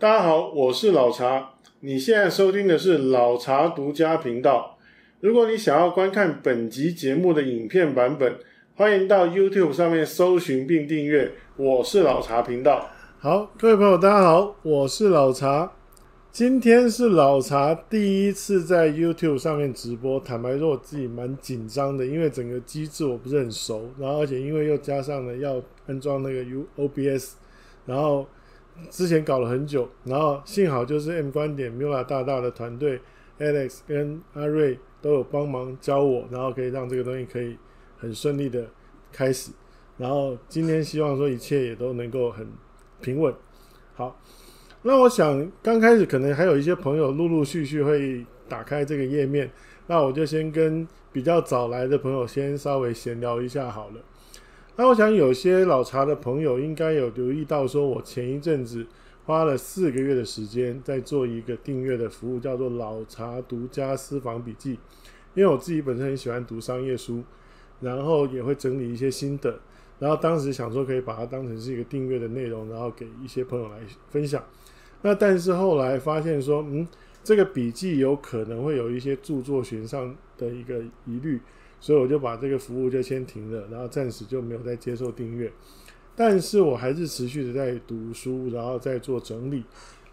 大家好，我是老查。你現在收聽的是老查獨家頻道。如果你想要觀看本集節目的影片版本，歡迎到 YouTube 上面搜尋並訂閱。我是老查頻道。好，各位朋友，大家好，我是老查。今天是老查第一次在 YouTube 上面直播。坦白說，我自己蠻緊張的，因為整個機制我不是很熟，然後而且因為又加上了要安裝那個 OBS，然後。之前搞了很久，然後幸好就是 M 觀點 Mula 大大的團隊 Alex 跟阿瑞都有幫忙教我，然後可以讓這個東西可以很順利的開始。然後今天希望說一切也都能夠很平穩。好，那我想剛開始可能還有一些朋友陸陸續續會打開這個頁面，那我就先跟比較早來的朋友先稍微閒聊一下好了。那我想有些老查的朋友應該有留意到，說我前一陣子花了四個月的時間在做一個訂閱的服務，叫做“老查獨家私房筆記”，因為我自己本身很喜歡讀商業書，然後也會整理一些心得，然後當時想說可以把它當成是一個訂閱的內容，然後給一些朋友來分享。那但是後來發現說，嗯，這個筆記有可能會有一些著作權上的一個疑慮。所以我就把這個服務就先停了，然後暫時就沒有再接受訂閱，但是我還是持續的在讀書，然後再做整理。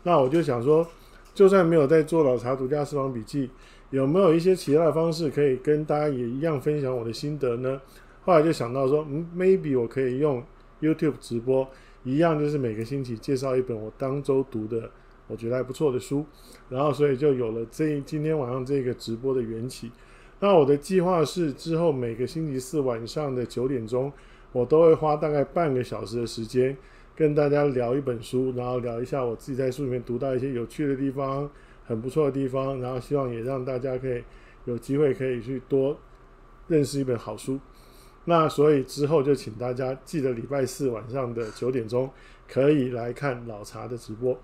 那我就想說，就算沒有在做老查獨家私房筆記，有沒有一些其他的方式可以跟大家也一樣分享我的心得呢？後來就想到說，嗯，maybe 我可以用 YouTube 直播，一樣就是每個星期介紹一本我當週讀的，我覺得還不錯的書，然後所以就有了這今天晚上這個直播的緣起。那我的計劃是，之後每個星期四晚上的九點鐘，我都會花大概半個小時的時間，跟大家聊一本書，然後聊一下我自己在書裡面讀到一些有趣的地方、很不錯的地方，然後希望也讓大家可以有機會可以去多認識一本好書。那所以之後就請大家記得禮拜四晚上的九點鐘可以來看老查的直播。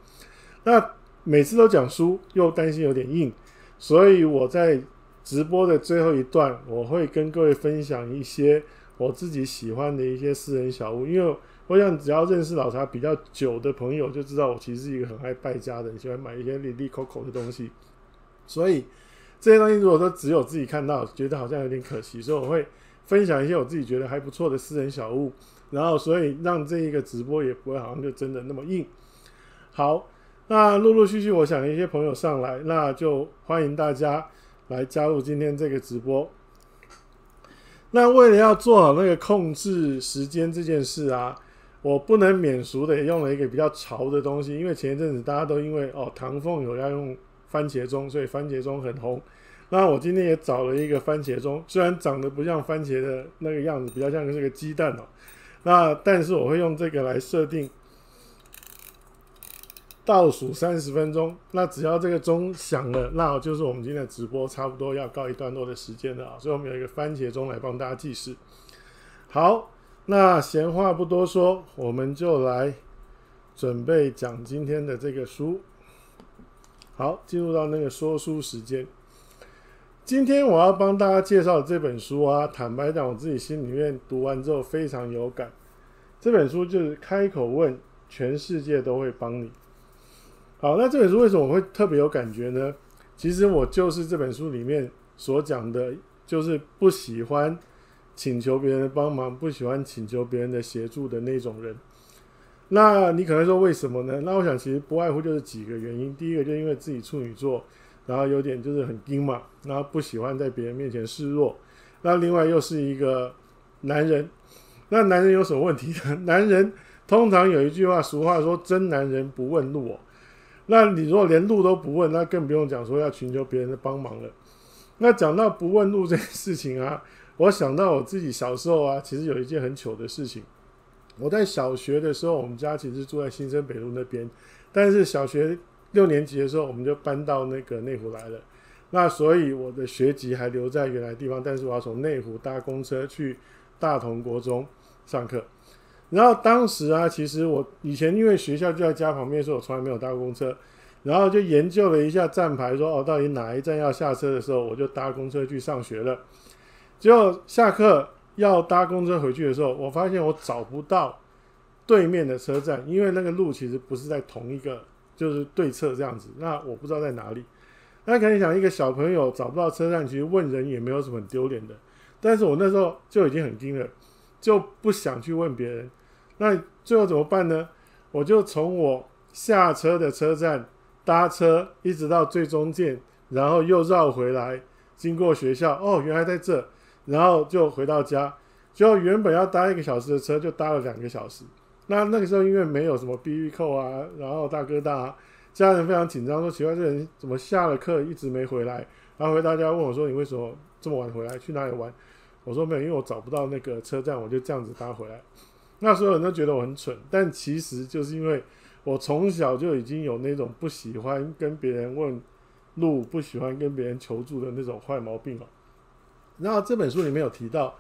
那每次都講書又擔心有點硬，所以我在。直播的最後一段，我會跟各位分享一些我自己喜歡的一些私人小物，因為我想只要認識老查比較久的朋友就知道，我其實是一個很愛敗家的，喜歡買一些哩哩叩叩的東西。所以這些東西如果說只有自己看到，覺得好像有點可惜，所以我會分享一些我自己覺得還不錯的私人小物，然後所以讓這一個直播也不會好像就真的那麼硬。好，那陸陸續續我想一些朋友上來，那就歡迎大家。來加入今天這個直播。那為了要做好那個控制時間這件事啊，我不能免俗的也用了一個比較潮的東西，因為前一陣子大家都因為哦，唐鳳有要用番茄鐘，所以番茄鐘很紅。那我今天也找了一個番茄鐘，雖然長得不像番茄的那個樣子，比較像是個雞蛋哦。那但是我會用這個來設定。倒數三十分鐘，那只要這個鐘響了，那就是我們今天的直播差不多要告一段落的時間了啊、喔！所以我們有一個番茄鐘來幫大家計時。好，那閒話不多說，我們就來準備講今天的這個書。好，進入到那個說書時間。今天我要幫大家介紹的這本書啊，坦白講，我自己心裡面讀完之後非常有感。這本書就是《開口問，全世界都會幫你》。好，那這本書為什麼我會特別有感覺呢？其實我就是這本書裡面所講的，就是不喜歡請求別人的幫忙，不喜歡請求別人的協助的那種人。那你可能說為什麼呢？那我想其實不外乎就是幾個原因。第一個就因為自己處女座，然後有點就是很硬嘛，然後不喜歡在別人面前示弱。那另外又是一個男人，那男人有什麼問題呢？男人通常有一句話，俗話說“真男人不問路”哦。那你如果連路都不問，那更不用講說要尋求別人的幫忙了。那講到不問路這件事情啊，我想到我自己小時候啊，其實有一件很糗的事情。我在小學的時候，我們家其實住在新生北路那邊，但是小學六年級的時候，我們就搬到那個內湖來了。那所以我的學籍還留在原來的地方，但是我要從內湖搭公車去大同國中上課。然後當時啊，其實我以前因為學校就在家旁邊，所以我從來沒有搭過公車。然後就研究了一下站牌說，說哦，到底哪一站要下車的時候，我就搭公車去上學了。就下課要搭公車回去的時候，我發現我找不到對面的車站，因為那個路其實不是在同一個，就是對側這樣子。那我不知道在哪裡。那肯定想一個小朋友找不到車站，其實問人也沒有什麼很丟臉的。但是我那時候就已經很驚了，就不想去問別人。那最後怎麼辦呢？我就從我下車的車站搭車，一直到最中間，然後又繞回來，經過學校。哦，原來在這，然後就回到家。就原本要搭一個小時的車，就搭了兩個小時。那那個時候因為沒有什麼 BB 釦啊，然後大哥大，家人非常緊張，說奇怪，這人怎麼下了課一直沒回來？然後回到家問我說：“你為什麼這麼晚回來？去哪裡玩？”我說：“沒有，因為我找不到那個車站，我就這樣子搭回來。”那所有人都覺得我很蠢，但其實就是因為我從小就已經有那種不喜歡跟別人問路、不喜歡跟別人求助的那種壞毛病了。然後這本書裡面有提到，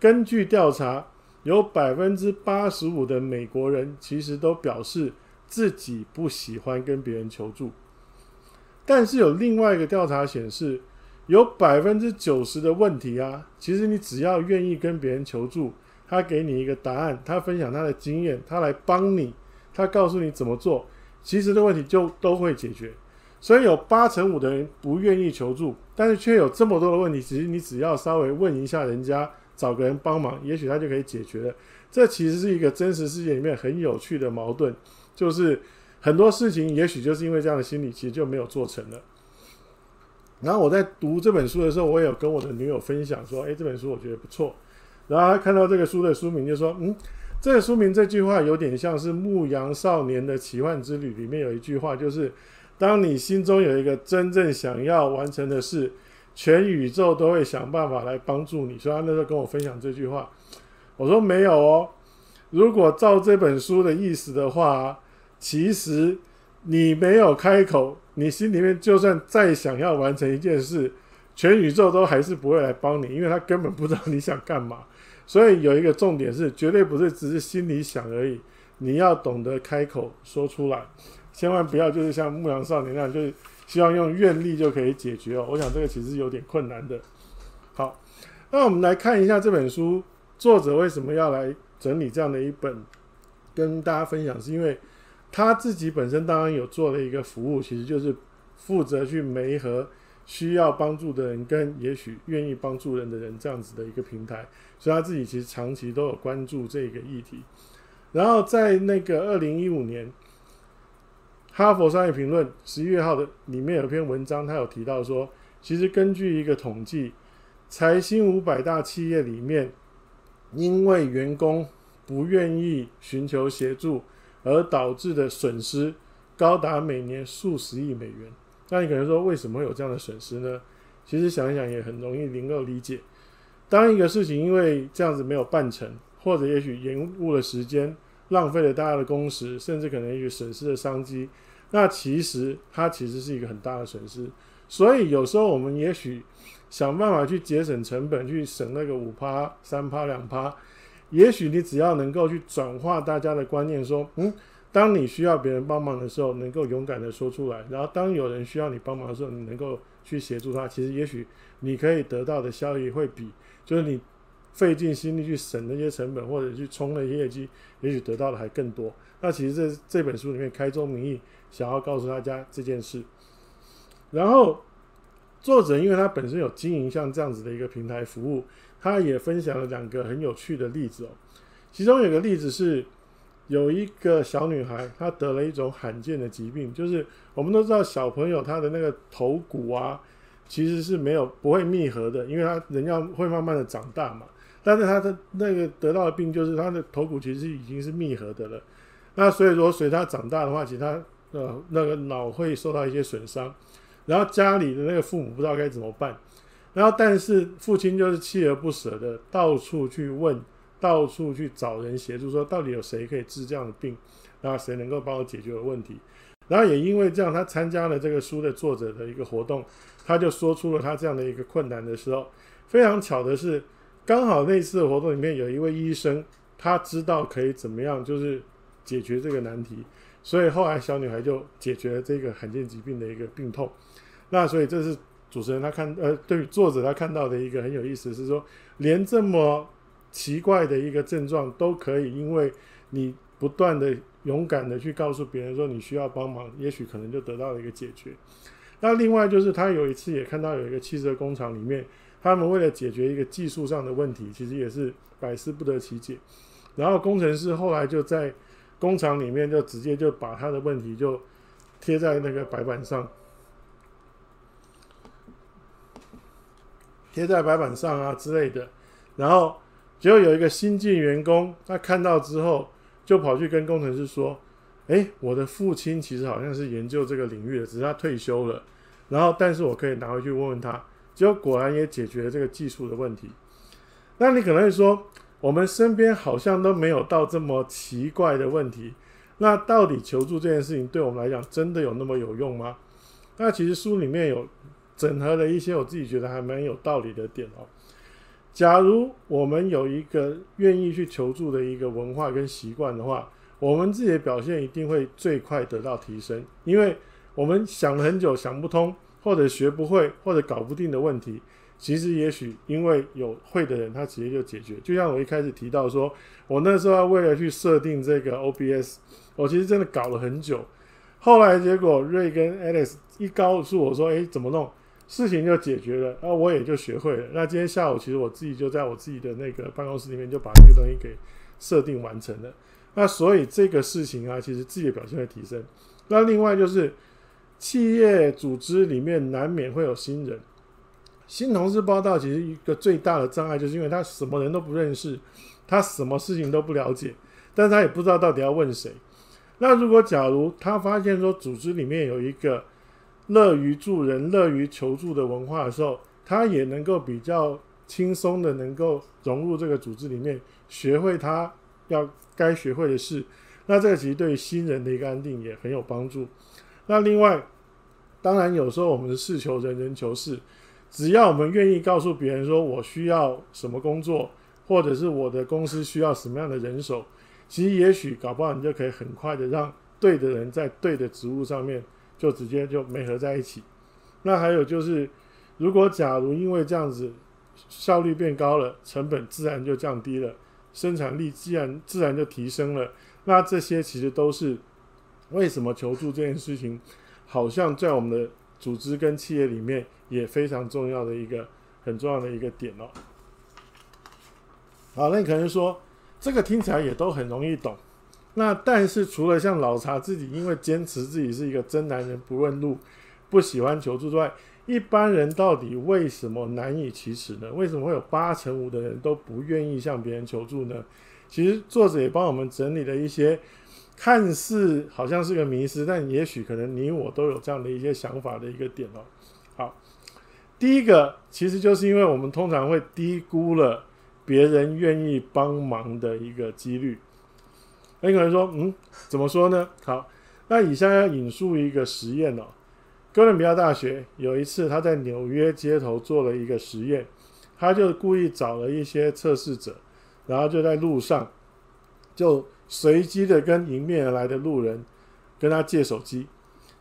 根據調查，有百分之八十五的美國人其實都表示自己不喜歡跟別人求助，但是有另外一個調查顯示，有百分之九十的問題啊，其實你只要願意跟別人求助。他給你一個答案，他分享他的經驗，他來幫你，他告訴你怎麼做，其實的問題就都會解決。所以有八成五的人不願意求助，但是卻有這麼多的問題。其實你只要稍微問一下人家，找個人幫忙，也許他就可以解決了。這其實是一個真實世界裡面很有趣的矛盾，就是很多事情也許就是因為這樣的心理，其實就沒有做成了。然後我在讀這本書的時候，我也有跟我的女友分享說：“哎，這本書我覺得不錯。”然後他看到這個書的書名，就說：“嗯，這個書名這句話有點像是《牧羊少年的奇幻之旅》裡面有一句話，就是‘當你心中有一個真正想要完成的事，全宇宙都會想辦法來幫助你’。”所以他那時候跟我分享這句話，我說：“沒有哦，如果照這本書的意思的話，其實你沒有開口，你心裡面就算再想要完成一件事，全宇宙都還是不會來幫你，因為他根本不知道你想幹嘛。”所以有一個重點是，絕對不是只是心裡想而已，你要懂得開口說出來，千萬不要就是像牧羊少年那樣，就是希望用願力就可以解決哦。我想這個其實是有點困難的。好，那我們來看一下這本書作者為什麼要來整理這樣的一本，跟大家分享，是因為他自己本身當然有做了一個服務，其實就是負責去媒合。需要幫助的人跟也許願意幫助人的人這樣子的一個平台，所以他自己其實長期都有關注這個議題。然後在那個二零一五年，哈佛商業評論十一月號的裡面有一篇文章，他有提到說，其實根據一個統計，財新五百大企業裡面，因為員工不願意尋求協助而導致的損失高達每年數十億美元。那你可能說，為什麼會有這樣的損失呢？其實想一想也很容易能夠理解。當一個事情因為這樣子沒有辦成，或者也許延誤了時間，浪費了大家的工時，甚至可能一個損失的商機，那其實它其實是一個很大的損失。所以有時候我們也許想辦法去節省成本，去省那個五趴、三趴、兩趴，也許你只要能夠去轉化大家的觀念說，說嗯。當你需要別人幫忙的時候，能夠勇敢的說出來，然後當有人需要你幫忙的時候，你能夠去協助他。其實，也許你可以得到的效益會比就是你費盡心力去省那些成本，或者去衝那些業績，也許得到的還更多。那其實這這本書裡面，開宗明義想要告訴大家這件事。然後作者因為他本身有經營像這樣子的一個平台服務，他也分享了兩個很有趣的例子哦。其中有個例子是。有一個小女孩，她得了一種罕見的疾病，就是我們都知道小朋友她的那個頭骨啊，其實是沒有不會閉合的，因為她人要會慢慢的長大嘛。但是她的那個得到的病就是她的頭骨其實已經是閉合的了，那所以說隨她長大的話，其實她呃那個腦會受到一些損傷。然後家裡的那個父母不知道該怎麼辦，然後但是父親就是鍥而不捨的到處去問。到處去找人協助，說到底有誰可以治這樣的病？然後誰能夠幫我解決問題？然後也因為這樣，他參加了這個書的作者的一個活動，他就說出了他這樣的一個困難的時候。非常巧的是，剛好那次活動裡面有一位醫生，他知道可以怎麼樣，就是解決這個難題。所以後來小女孩就解決了這個罕見疾病的一個病痛。那所以這是主持人他看呃，對於作者他看到的一個很有意思，是說連這麼。奇怪的一個症狀都可以，因為你不斷的勇敢的去告訴別人說你需要幫忙，也許可能就得到了一個解決。那另外就是他有一次也看到有一個汽車工廠裡面，他們為了解決一個技術上的問題，其實也是百思不得其解。然後工程師後來就在工廠裡面就直接就把他的問題就貼在那個白板上，貼在白板上啊之類的，然後。結果有一個新進員工，他看到之後就跑去跟工程師說：“誒，我的父親其實好像是研究這個領域的，只是他退休了。然後，但是我可以拿回去問問他。”結果果然也解決了這個技術的問題。那你可能會說，我們身邊好像都沒有到這麼奇怪的問題。那到底求助這件事情對我們來講真的有那麼有用嗎？那其實書裡面有整合了一些我自己覺得還蠻有道理的點哦。假如我們有一個願意去求助的一個文化跟習慣的話，我們自己的表現一定會最快得到提升。因為我們想了很久想不通，或者學不會，或者搞不定的問題，其實也許因為有會的人，他直接就解決。就像我一開始提到說，我那時候要為了去設定這個 OBS，我其實真的搞了很久，後來結果瑞跟 Alice 一告訴我說：“誒，怎麼弄？”事情就解決了啊，那我也就學會了。那今天下午，其實我自己就在我自己的那個辦公室裡面就把這個東西給設定完成了。那所以這個事情啊，其實自己的表現會提升。那另外就是企業組織裡面難免會有新人，新同事報到，其實一個最大的障礙就是因為他什麼人都不認識，他什麼事情都不了解，但他也不知道到底要問誰。那如果假如他發現說組織裡面有一個樂於助人、樂於求助的文化的時候，他也能夠比較輕鬆的能夠融入這個組織裡面，學會他要該學會的事。那這個其實對於新人的一個安定也很有幫助。那另外，當然有時候我們事求人，人求事，只要我們願意告訴別人說我需要什麼工作，或者是我的公司需要什麼樣的人手，其實也許搞不好你就可以很快的讓對的人在對的職務上面。就直接就沒合在一起。那還有就是，如果假如因為這樣子效率變高了，成本自然就降低了，生產力自然自然就提升了。那這些其實都是為什麼求助這件事情，好像在我們的組織跟企業裡面也非常重要的一個很重要的一個點哦。好，那你可能說這個聽起來也都很容易懂。那但是除了像老查自己，因為堅持自己是一個真男人不問路，不喜歡求助之外，一般人到底為什麼難以啟齒呢？為什麼會有八成五的人都不願意向別人求助呢？其實作者也幫我們整理了一些，看似好像是個迷思，但也許可能你我都有這樣的一些想法的一個點哦。好，第一個其實就是因為我們通常會低估了別人願意幫忙的一個幾率。那個人說：“嗯，怎麼說呢？好，那以下要引述一個實驗哦。哥倫比亞大學有一次，他在紐約街頭做了一個實驗，他就故意找了一些測試者，然後就在路上就隨機的跟迎面而來的路人跟他借手機。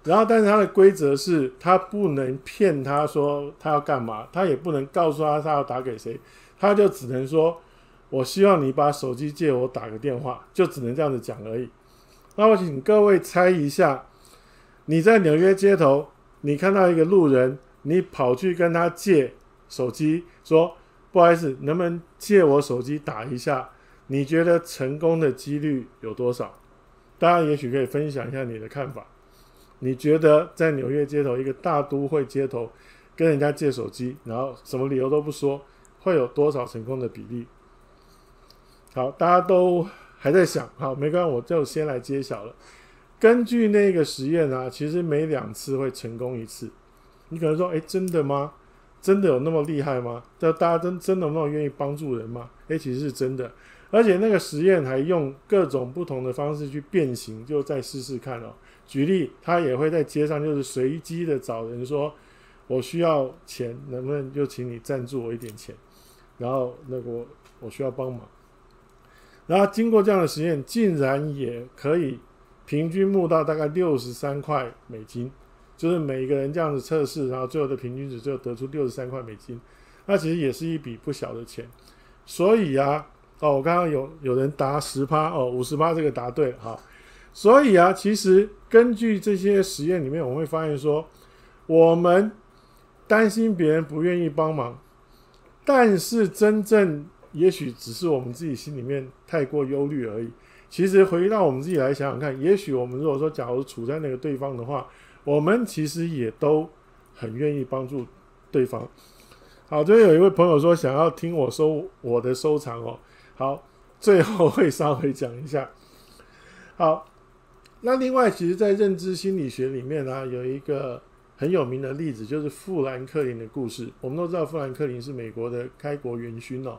然後，但是他的規則是他不能騙他說他要幹嘛，他也不能告訴他他要打給誰，他就只能說。”我希望你把手機借我打個電話，就只能這樣子講而已。那我請各位猜一下，你在紐約街頭，你看到一個路人，你跑去跟他借手機，說不好意思，能不能借我手機打一下？你覺得成功的幾率有多少？大家也許可以分享一下你的看法。你覺得在紐約街頭，一個大都會街頭，跟人家借手機，然後什麼理由都不說，會有多少成功的比例？好，大家都還在想，好，沒關係，我就先來揭曉了。根據那個實驗啊，其實每兩次會成功一次。你可能說，誒，真的嗎？真的有那麼厲害嗎？那大家真真的那麼願意幫助人嗎？誒，其實是真的。而且那個實驗還用各種不同的方式去變形，就再試試看哦，舉例，他也會在街上就是隨機的找人說：“我需要錢，能不能就請你贊助我一點錢？”然後，那個我，我需要幫忙。然後經過這樣的實驗，竟然也可以平均募到大概六十三塊美金，就是每一個人這樣子測試，然後最後的平均值最後得出六十三塊美金，那其實也是一筆不小的錢。所以啊，哦，我剛剛有有人答十趴，哦，五十八這個答對哈。所以啊，其實根據這些實驗裡面，我們會發現說，我們擔心別人不願意幫忙，但是真正。也許只是我們自己心裡面太過憂慮而已。其實回到我們自己來想想看，也許我們如果說假如處在那個對方的話，我們其實也都很願意幫助對方。好，這邊有一位朋友說想要聽我收我的收藏哦。好，最後會稍微講一下。好，那另外其實，在認知心理學裡面呢，有一個很有名的例子，就是富蘭克林的故事。我們都知道富蘭克林是美國的開國元勳哦。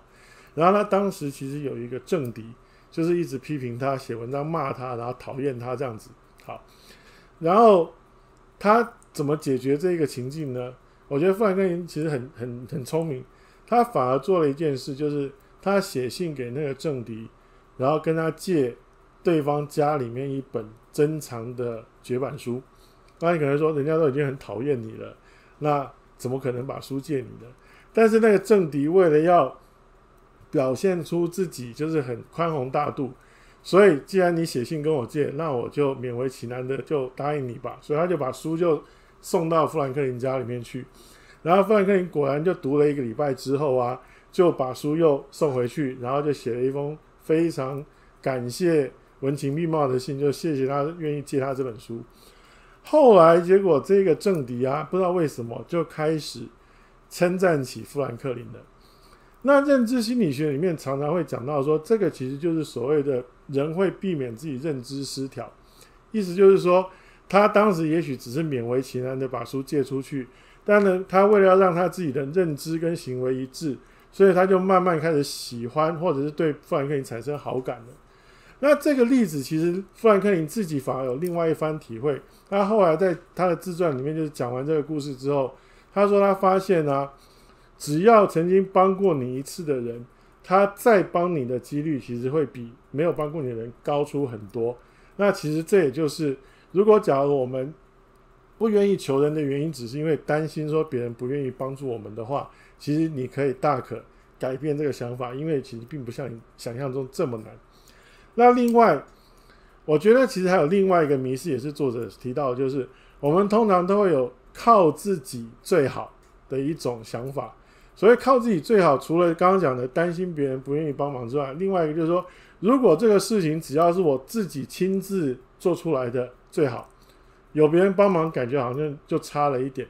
然後他當時其實有一個政敵，就是一直批評他，寫文章罵他，然後討厭他這樣子。好，然後他怎麼解決這個情境呢？我覺得富蘭克林其實很、很、很聰明，他反而做了一件事，就是他寫信給那個政敵，然後跟他借對方家裡面一本珍藏的絕版書。那你可能說人家都已經很討厭你了，那怎麼可能把書借你的？但是那個政敵為了要表現出自己就是很寬宏大度，所以既然你寫信跟我借，那我就勉為其難的就答應你吧。所以他就把書就送到富蘭克林家裡面去，然後富蘭克林果然就讀了一個禮拜之後啊，就把書又送回去，然後就寫了一封非常感謝文情密茂的信，就謝謝他願意借他這本書。後來結果這個政敵啊，不知道為什麼就開始稱讚起富蘭克林了。那認知心理學裡面常常會講到說，這個其實就是所謂的人會避免自己認知失調，意思就是說，他當時也許只是勉為其難的把書借出去，但呢，他為了要讓他自己的認知跟行為一致，所以他就慢慢開始喜歡或者是對富蘭克林產生好感了。那這個例子其實富蘭克林自己反而有另外一番體會，他後來在他的自傳裡面就是講完這個故事之後，他說他發現呢、啊。只要曾經幫過你一次的人，他再幫你的幾率其實會比沒有幫過你的人高出很多。那其實這也就是，如果假如我們不願意求人的原因，只是因為擔心說別人不願意幫助我們的話，其實你可以大可改變這個想法，因為其實並不像你想象中這麼難。那另外，我覺得其實還有另外一個迷思，也是作者提到，就是我們通常都會有靠自己最好的一種想法。所以靠自己最好，除了剛剛講的擔心別人不願意幫忙之外，另外一個就是說，如果這個事情只要是我自己親自做出來的最好，有別人幫忙感覺好像就差了一點。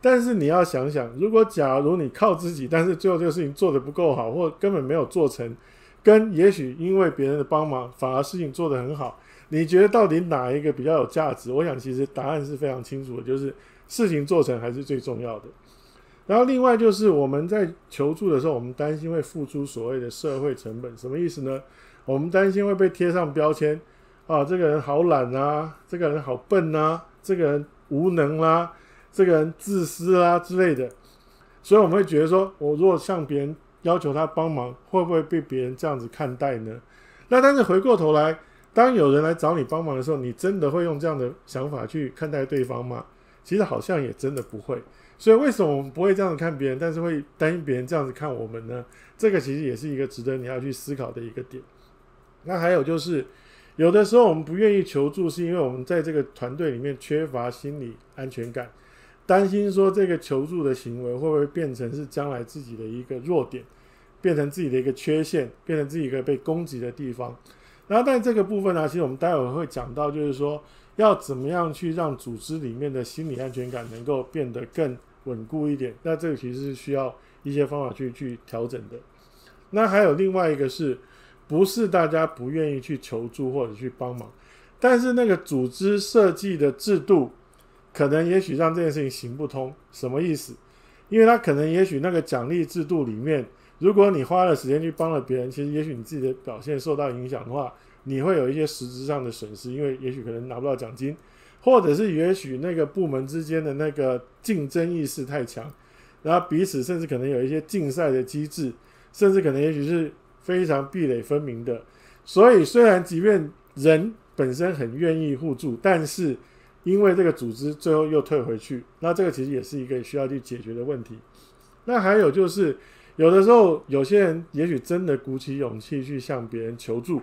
但是你要想想，如果假如你靠自己，但是最後這個事情做得不夠好，或根本沒有做成，跟也許因為別人的幫忙反而事情做得很好，你覺得到底哪一個比較有價值？我想其實答案是非常清楚的，就是事情做成還是最重要的。然後，另外就是我們在求助的時候，我們擔心會付出所謂的社會成本，什麼意思呢？我們擔心會被貼上標籤啊，這個人好懶啊，這個人好笨啊，這個人無能啊，這個人自私啊之類的。所以我們會覺得說，我如果向別人要求他幫忙，會不會被別人這樣子看待呢？那但是回過頭來，當有人來找你幫忙的時候，你真的會用這樣的想法去看待對方嗎？其實好像也真的不會。所以為什麼我們不會這樣子看別人，但是會擔心別人這樣子看我們呢？這個其實也是一個值得你要去思考的一個點。那還有就是，有的時候我們不願意求助，是因為我們在這個團隊裡面缺乏心理安全感，擔心說這個求助的行為會不會變成是將來自己的一個弱點，變成自己的一個缺陷，變成自己一個被攻擊的地方。然後，但這個部分呢、啊，其實我們待會會講到，就是說。要怎麼樣去讓組織裡面的心理安全感能夠變得更穩固一點？那這個其實是需要一些方法去去調整的。那還有另外一個是，不是大家不願意去求助或者去幫忙？但是那個組織設計的制度可能也許讓這件事情行不通。什麼意思？因為它可能也許那個獎勵制度裡面，如果你花了時間去幫了別人，其實也許你自己的表現受到影響的話，你會有一些實質上的損失，因為也許可能拿不到獎金，或者是也許那個部門之間的那個競爭意識太強，然後彼此甚至可能有一些競賽的機制，甚至可能也許是非常壁壘分明的。所以，雖然即便人本身很願意互助，但是因為這個組織最後又退回去，那這個其實也是一個需要去解決的問題。那還有就是，有的時候有些人也許真的鼓起勇氣去向別人求助。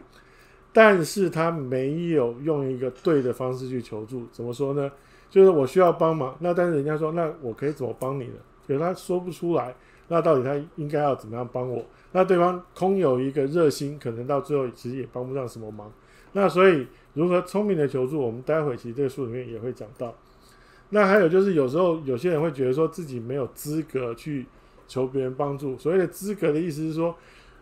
但是他沒有用一個對的方式去求助，怎麼說呢？就是我需要幫忙，那但是人家說，那我可以怎麼幫你呢？可是他說不出來，那到底他應該要怎麼樣幫我？那對方空有一個熱心，可能到最後其實也幫不上什麼忙。那所以如何聰明的求助，我們待會兒其實這個書裡面也會講到。那還有就是有時候有些人會覺得說自己沒有資格去求別人幫助。所謂的資格的意思是說，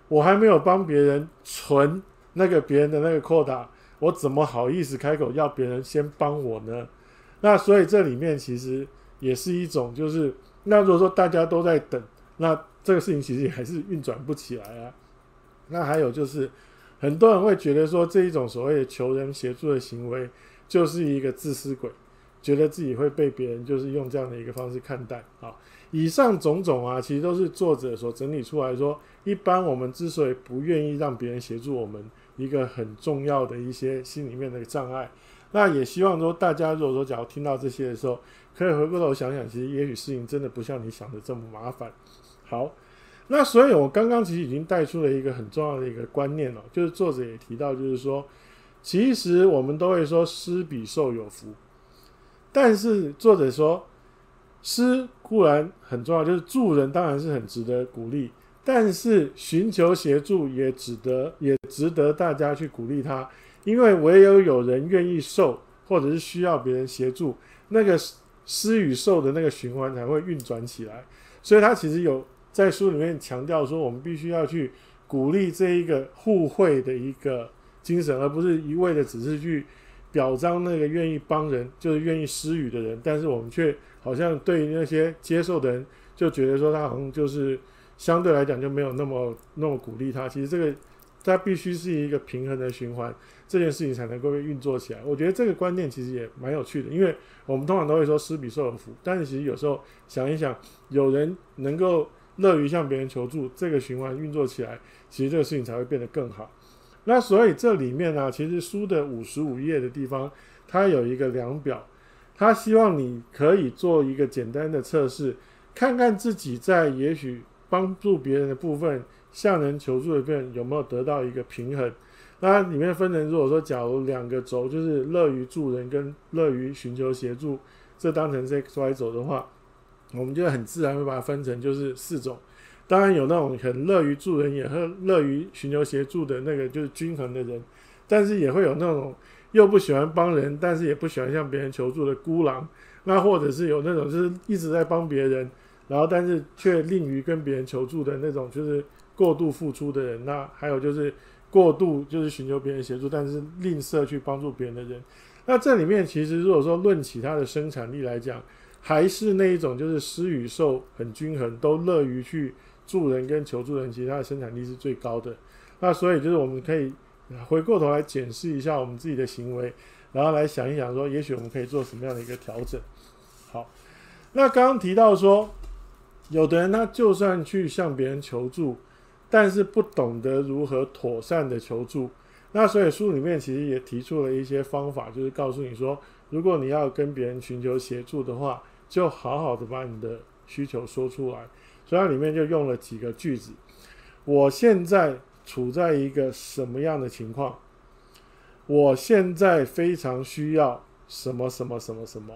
我還沒有幫別人，存。那個別人的那個擴大，啊，我怎麼好意思開口要別人先幫我呢？那所以這裡面其實也是一種，就是那如果說大家都在等，那這個事情其實還是運轉不起來啊。那還有就是，很多人會覺得說這一種所謂的求人協助的行為，就是一個自私鬼，覺得自己會被別人就是用這樣的一個方式看待啊，哦，以上種種啊，其實都是作者所整理出來說，一般我們之所以不願意讓別人協助我們一個很重要的一些心裡面的障礙，那也希望說大家如果說假如聽到這些的時候，可以回過頭想想，其實也許事情真的不像你想的這麼麻煩。好，那所以，我剛剛其實已經帶出了一個很重要的一個觀念了哦，就是作者也提到，就是說，其實我們都會說施比受有福，但是作者說，施固然很重要，就是助人當然是很值得鼓勵。但是尋求協助也值得，也值得大家去鼓勵他，因為唯有有人願意受，或者是需要別人協助，那個施與受的那個循環才會運轉起來。所以他其實有在書裡面強調說，我們必須要去鼓勵這一個互惠的一個精神，而不是一味的只是去表彰那個願意幫人，就是願意施與的人，但是我們卻好像對於那些接受的人就覺得說他好像就是。相對來講就沒有那麼那麼鼓勵他，其實這個它必須是一個平衡的循環，這件事情才能夠被運作起來。我覺得這個觀念其實也蠻有趣的，因為我們通常都會說“施比受有福”，但是其實有時候想一想，有人能夠樂於向別人求助，這個循環運作起來，其實這個事情才會變得更好。那所以這裡面呢、啊，其實書的五十五頁的地方，它有一個量表，他希望你可以做一個簡單的測試，看看自己在也許。幫助別人的部分，向人求助的部分有沒有得到一個平衡？那裡面分成，如果說假如兩個軸就是樂於助人跟樂於尋求協助，這當成 x y 軸的話，我們就很自然會把它分成就是四種。當然有那種很樂於助人也很樂於尋求協助的那個就是均衡的人，但是也會有那種又不喜歡幫人，但是也不喜歡向別人求助的孤狼。那或者是有那種就是一直在幫別人。然後，但是卻吝於跟別人求助的那種，就是過度付出的人。那還有就是過度，就是尋求別人協助，但是吝嗇去幫助別人的人。那這裡面其實，如果說論起他的生產力來講，還是那一種就是施與受很均衡，都樂於去助人跟求助人，其實他的生產力是最高的。那所以就是我們可以回過頭來檢視一下我們自己的行為，然後來想一想說，也許我們可以做什麼樣的一個調整。好，那剛剛提到說。有的人他就算去向別人求助，但是不懂得如何妥善的求助。那所以書裡面其實也提出了一些方法，就是告訴你說，如果你要跟別人尋求協助的話，就好好的把你的需求說出來。所以他裡面就用了幾個句子：我現在處在一個什麼樣的情況？我現在非常需要什麼什麼什麼什麼，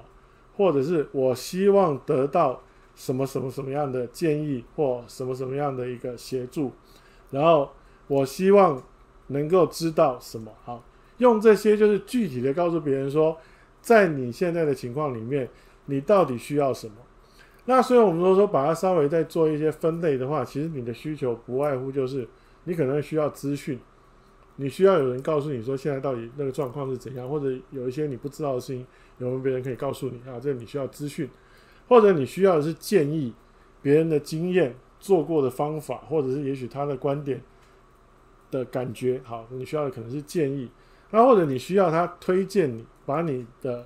或者是我希望得到。什麼什麼什麼樣的建議或什麼什麼樣的一個協助，然後我希望能夠知道什麼啊？用這些就是具體的告訴別人說，在你現在的情況裡面，你到底需要什麼？那所以我們都說把它稍微再做一些分類的話，其實你的需求不外乎就是你可能需要資訊，你需要有人告訴你說現在到底那個狀況是怎樣，或者有一些你不知道的事情，有沒有別人可以告訴你啊？這你需要資訊。或者你需要的是建議，別人的經驗做過的方法，或者是也許他的觀點的感覺。好，你需要的可能是建議。那或者你需要他推薦你，把你的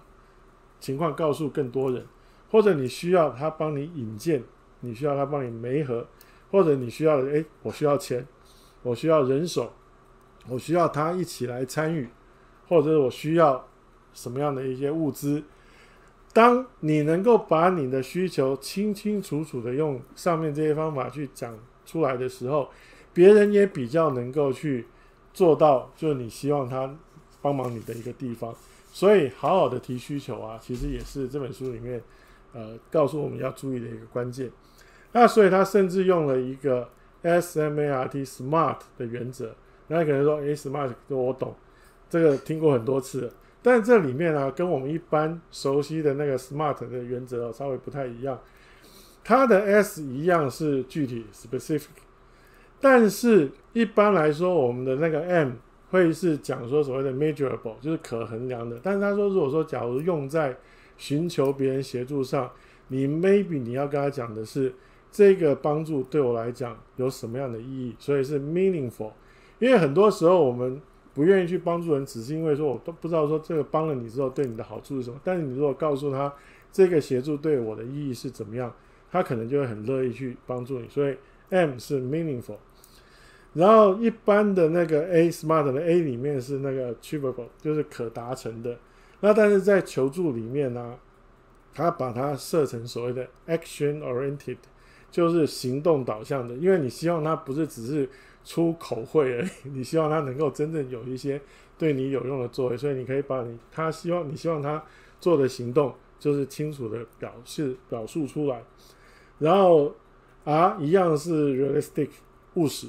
情況告訴更多人，或者你需要他幫你引薦，你需要他幫你媒合，或者你需要，誒、欸，我需要錢，我需要人手，我需要他一起來參與，或者我需要什麼樣的一些物資。當你能夠把你的需求清清楚楚的用上面這些方法去講出來的時候，別人也比較能夠去做到，就是你希望他幫忙你的一個地方。所以，好好的提需求啊，其實也是這本書裡面，呃，告訴我們要注意的一個關鍵。那所以，他甚至用了一個 SMART SMART 的原則。那可能說，哎，SMART 我懂，這個聽過很多次了。但這裡面呢、啊，跟我們一般熟悉的那個 SMART 的原則喔，稍微不太一樣。它的 S 一樣是具體 specific，但是一般來說，我們的那個 M 會是講說所謂的 measurable，就是可衡量的。但是他說，如果說假如用在尋求別人協助上，你 maybe 你要跟他講的是這個幫助對我來講有什麼樣的意義，所以是 meaningful，因為很多時候我們。不願意去幫助人，只是因為說我都不知道說這個幫了你之後對你的好處是什麼。但是你如果告訴他這個協助對我的意義是怎麼樣，他可能就會很樂意去幫助你。所以 M 是 meaningful。然後一般的那個 A smart 的 A 裡面是那個 achievable，就是可達成的。那但是在求助裡面呢、啊，他把它設成所謂的 action oriented，就是行動導向的，因為你希望他不是只是。出口惠而已，你希望他能夠真正有一些對你有用的作為，所以你可以把你他希望你希望他做的行動，就是清楚的表示表述出來。然後啊，R，一樣是 realistic 務實，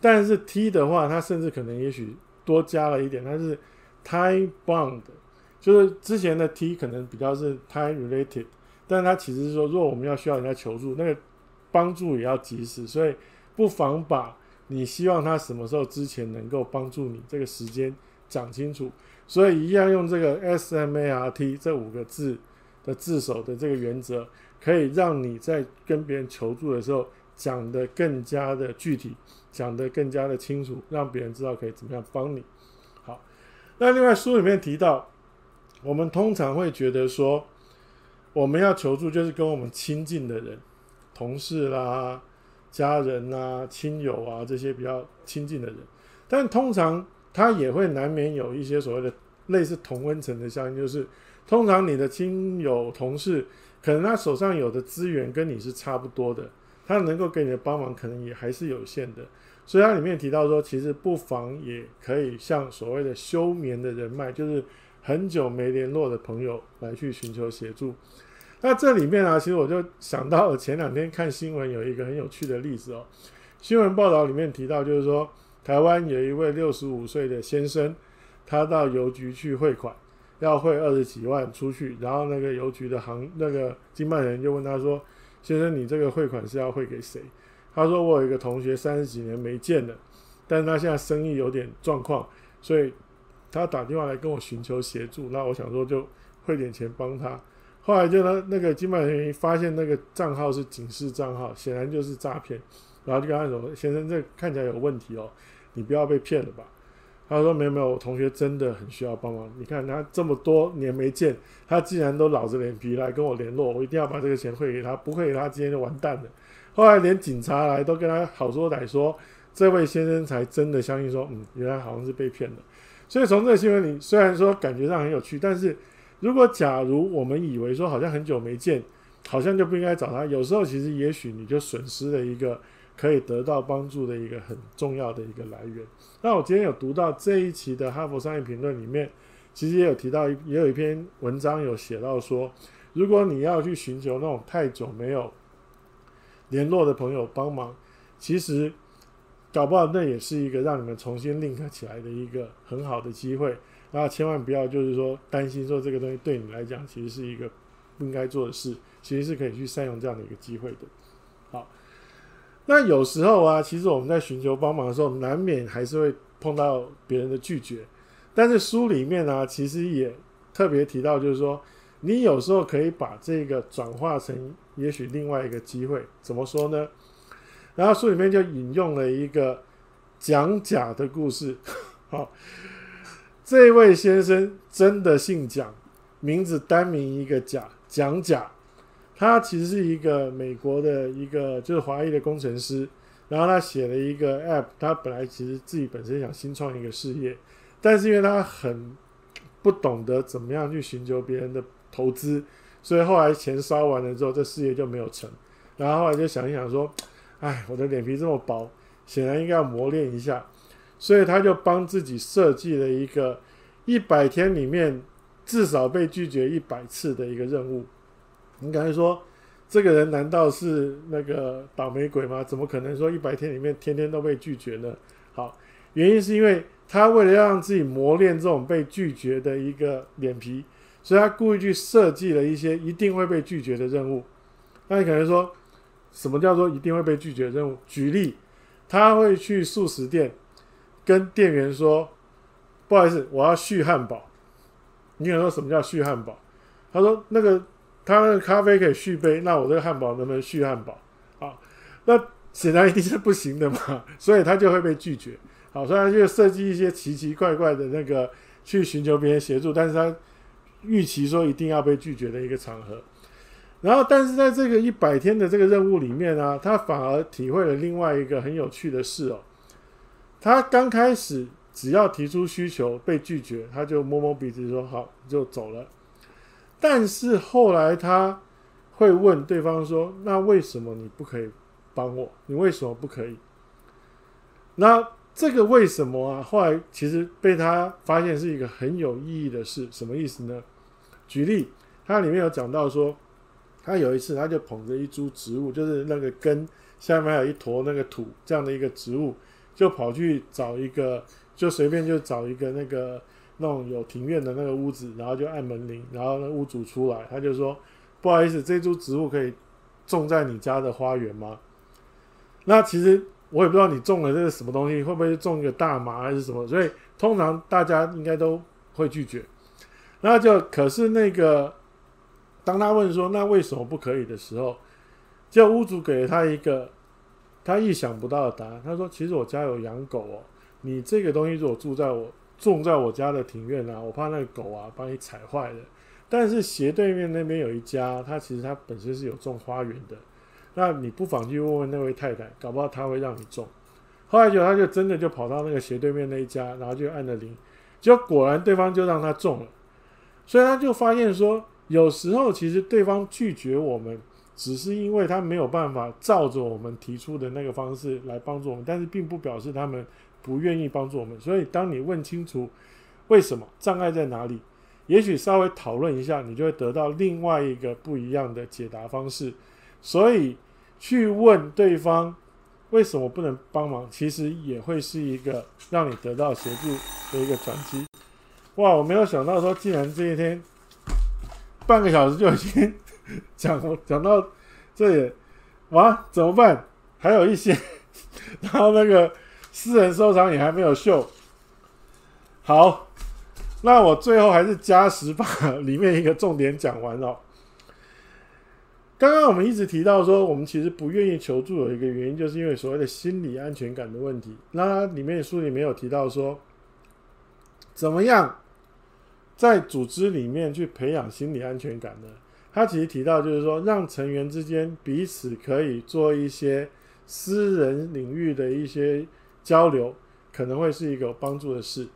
但是 T 的話，它甚至可能也許多加了一點，它是 time bound，就是之前的 T 可能比較是 time related，但它其實是說，若我們要需要人家求助，那個幫助也要及時，所以不妨把。你希望他什麼時候之前能夠幫助你？這個時間講清楚，所以一樣用這個 S M A R T 這五個字的字首的這個原則，可以讓你在跟別人求助的時候講得更加的具體，講得更加的清楚，讓別人知道可以怎麼樣幫你。好，那另外書裡面提到，我們通常會覺得說，我們要求助就是跟我們親近的人，同事啦。家人啊、親友啊，這些比較親近的人，但通常他也會難免有一些所謂的類似同溫層的效應，就是通常你的親友、同事，可能他手上有的資源跟你是差不多的，他能夠給你的幫忙可能也還是有限的。所以他裡面提到說，其實不妨也可以向所謂的休眠的人脈，就是很久沒聯絡的朋友來去尋求協助。那這裡面啊，其實我就想到前兩天看新聞，有一個很有趣的例子哦。新聞報道裡面提到，就是說台灣有一位六十五歲的先生，他到郵局去匯款，要匯二十幾萬出去。然後那個郵局的行那個經辦人就問他說：“先生，你這個匯款是要匯給誰？”他說：“我有一個同學三十幾年沒見了，但是他現在生意有點狀況，所以他打電話來跟我尋求協助。那我想說就匯點錢幫他。”後來就他那個經辦人員一發現那個賬號是警示賬號，顯然就是詐騙，然後就跟他說：“先生，這看起來有問題哦，你不要被騙了吧？”他說：“沒有沒有，我同學真的很需要幫忙。你看他這麼多年沒見，他竟然都老着臉皮來跟我聯絡，我一定要把這個錢匯給他，不匯給他今天就完蛋了。”後來連警察來都跟他好說歹說，這位先生才真的相信說：“嗯，原來好像是被騙了。”所以從這個新聞裡，雖然說感覺上很有趣，但是。如果假如我們以為說好像很久沒見，好像就不應該找他。有時候其實也許你就損失了一個可以得到幫助的一個很重要的一個來源。那我今天有讀到這一期的《哈佛商業評論》裡面，其實也有提到，也有一篇文章有寫到說，如果你要去尋求那種太久沒有聯絡的朋友幫忙，其實搞不好那也是一個讓你們重新 link 起來的一個很好的機會。那千萬不要，就是說擔心說這個東西對你來講其實是一個不應該做的事，其實是可以去善用這樣的一個機會的。好，那有時候啊，其實我們在尋求幫忙的時候，難免還是會碰到別人的拒絕。但是書裡面呢，啊，其實也特別提到，就是說你有時候可以把這個轉化成也許另外一個機會。怎麼說呢？然後書裡面就引用了一個講假的故事，好。這位先生真的姓蔣，名字單名一個“甲”，蔣甲。他其實是一個美國的一個，就是華裔的工程師。然後他寫了一個 app，他本來其實自己本身想新創一個事業，但是因為他很不懂得怎麼樣去尋求別人的投資，所以後來錢燒完了之後，這事業就沒有成。然後後來就想一想說：“哎，我的臉皮這麼薄，顯然應該要磨練一下。”所以他就幫自己設計了一個一百天裡面至少被拒絕一百次的一個任務。你感覺說，這個人難道是那個倒霉鬼嗎？怎麼可能說一百天裡面天天都被拒絕呢？好，原因是因為他為了要讓自己磨練這種被拒絕的一個臉皮，所以他故意去設計了一些一定會被拒絕的任務。那你可能說什麼叫做一定會被拒絕的任務？舉例，他會去速食店。跟店員說，不好意思，我要續漢堡。你可能說什麼叫續漢堡？他說那個他那個咖啡可以續杯，那我這個漢堡能不能續漢堡？啊，那顯然一定是不行的嘛，所以他就會被拒絕。好，所以他就設計一些奇奇怪怪的那個去尋求別人協助，但是他預期說一定要被拒絕的一個場合。然後，但是在這個一百天的這個任務裡面呢啊，他反而體會了另外一個很有趣的事哦。他剛開始只要提出需求被拒絕，他就摸摸鼻子說好就走了。但是後來他會問對方說：“那為什麼你不可以幫我？你為什麼不可以？”那這個為什麼啊？後來其實被他發現是一個很有意義的事。什麼意思呢？舉例，他裡面有講到說，他有一次他就捧着一株植物，就是那個根下面還有一坨那個土這樣的一個植物。就跑去找一個，就隨便就找一個那個那種有庭院的那個屋子，然後就按門鈴，然後那屋主出來，他就說，不好意思，這株植物可以種在你家的花園嗎？那其實我也不知道你種了這個什麼東西，會不會是種一個大麻還是什麼？所以通常大家應該都會拒絕。那就可是那個當他問說那為什麼不可以的時候，就屋主給了他一個。他意想不到的答案，他說：“其實我家有養狗哦，你這個東西如果住在我種在我家的庭院啊，我怕那個狗啊把你踩壞了。但是斜對面那邊有一家，他其實他本身是有種花園的，那你不妨去問問那位太太，搞不好他會讓你種。後來就他就真的就跑到那個斜對面那一家，然後就按了鈴，結果果然對方就讓他種了。所以他就發現說，有時候其實對方拒絕我們。”只是因為他沒有辦法照着我們提出的那個方式來幫助我們，但是並不表示他們不願意幫助我們。所以，當你問清楚為什麼障礙在哪裡，也許稍微討論一下，你就會得到另外一個不一樣的解答方式。所以，去問對方為什麼不能幫忙，其實也會是一個讓你得到協助的一個轉機。哇，我沒有想到說，竟然這一天半個小時就已經。講講到這裡啊，怎麼辦？還有一些，然後那個私人收藏也還沒有秀好。那我最後還是加時把裡面一個重點講完了。剛剛我們一直提到說，我們其實不願意求助，有一個原因就是因為所謂的心理安全感的問題。那裡面書裡面有提到說，怎麼樣在組織裡面去培養心理安全感呢？他其實提到，就是說讓成員之間彼此可以做一些私人領域的一些交流，可能會是一個有幫助的事。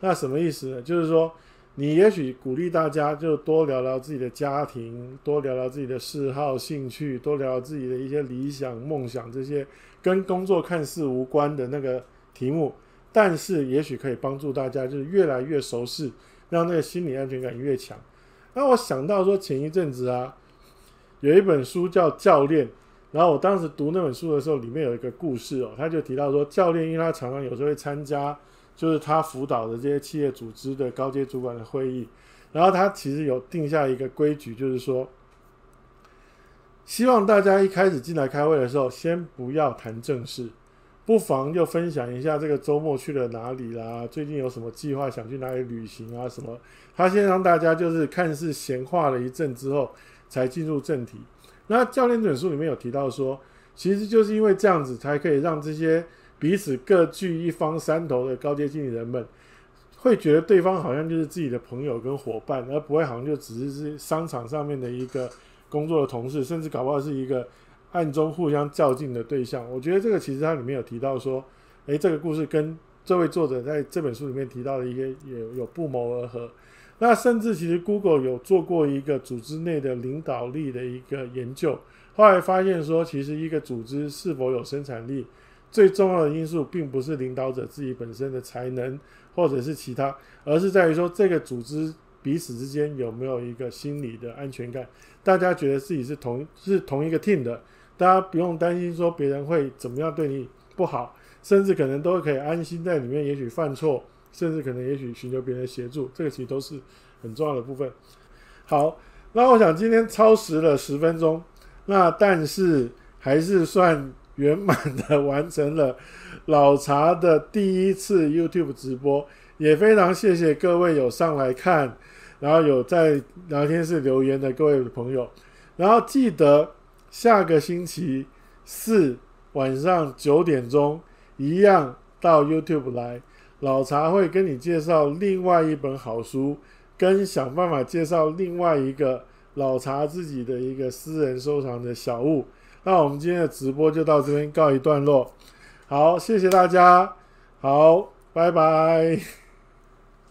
那什麼意思呢？就是說你也許鼓勵大家就多聊聊自己的家庭，多聊聊自己的嗜好、興趣，多聊聊自己的一些理想、夢想，這些跟工作看似無關的那個題目，但是也許可以幫助大家就是越來越熟悉，讓那個心理安全感越強。那我想到說，前一陣子啊，有一本書叫《教練》，然後我當時讀那本書的時候，裡面有一個故事哦，他就提到說，教練因為他常常有時候會參加，就是他輔導的這些企業組織的高階主管的會議，然後他其實有定下一個規矩，就是說，希望大家一開始進來開會的時候，先不要談正事。不妨就分享一下這個周末去了哪裡啦？最近有什麼計劃想去哪裡旅行啊？什麼？他先讓大家就是看似閒話了一陣之後，才進入正題。那教練這本書裡面有提到說，其實就是因為這樣子，才可以讓這些彼此各據一方山頭的高階經理人們，會覺得對方好像就是自己的朋友跟伙伴，而不會好像就只是是商場上面的一個工作的同事，甚至搞不好是一個。暗中互相較勁的對象，我覺得這個其實它裡面有提到說，誒，這個故事跟這位作者在這本書裡面提到的一些也有不謀而合。那甚至其實 Google 有做過一個組織內的領導力的一個研究，後來發現說，其實一個組織是否有生產力，最重要的因素並不是領導者自己本身的才能或者是其他，而是在於說這個組織彼此之間有沒有一個心理的安全感，大家覺得自己是同是同一個 team 的。大家不用擔心，說別人會怎麼樣對你不好，甚至可能都可以安心在裡面，也許犯錯，甚至可能也許尋求別人的協助，這個其實都是很重要的部分。好，那我想今天超時了十分鐘，那但是還是算圓滿的完成了老查的第一次 YouTube 直播，也非常謝謝各位有上來看，然後有在聊天室留言的各位朋友，然後記得。下個星期四晚上九點鐘，一樣到 YouTube 來。老查會跟你介紹另外一本好書，跟想辦法介紹另外一個老查自己的一個私人收藏的小物。那我們今天的直播就到這邊告一段落。好，謝謝大家。好，拜拜。